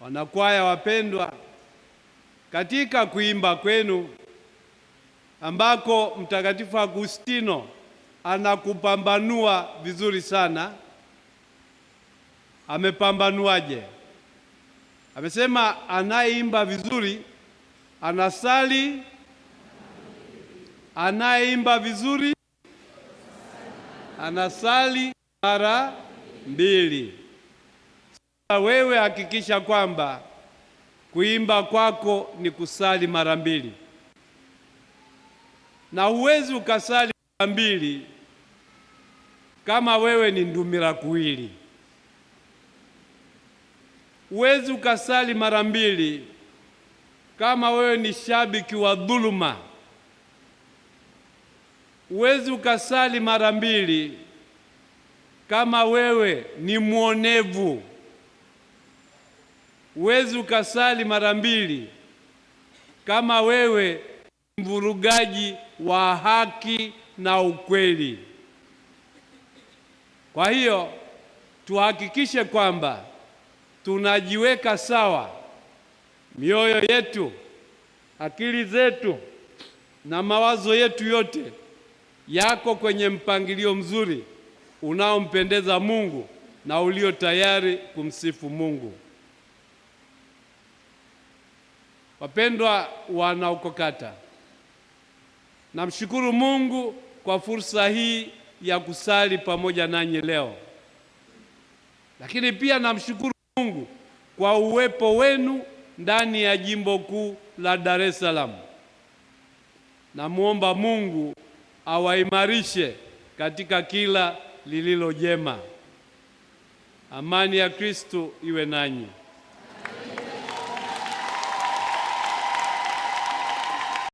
Wanakwaya wapendwa, katika kuimba kwenu ambako Mtakatifu Agustino anakupambanua vizuri sana. Amepambanuaje? Amesema anayeimba vizuri anasali, anayeimba vizuri anasali mara mbili. Wewe hakikisha kwamba kuimba kwako ni kusali mara mbili, na huwezi ukasali mara mbili kama wewe ni ndumila kuwili. Huwezi ukasali mara mbili kama wewe ni shabiki wa dhuluma. Huwezi ukasali mara mbili kama wewe ni mwonevu. Huwezi ukasali mara mbili kama wewe mvurugaji wa haki na ukweli. Kwa hiyo tuhakikishe kwamba tunajiweka sawa mioyo yetu, akili zetu na mawazo yetu yote yako kwenye mpangilio mzuri unaompendeza Mungu na ulio tayari kumsifu Mungu. Wapendwa wanaokokata, namshukuru Mungu kwa fursa hii ya kusali pamoja nanyi leo, lakini pia namshukuru Mungu kwa uwepo wenu ndani ya jimbo kuu la Dar es Salaam. Namwomba Mungu awaimarishe katika kila lililo jema. Amani ya Kristo iwe nanyi.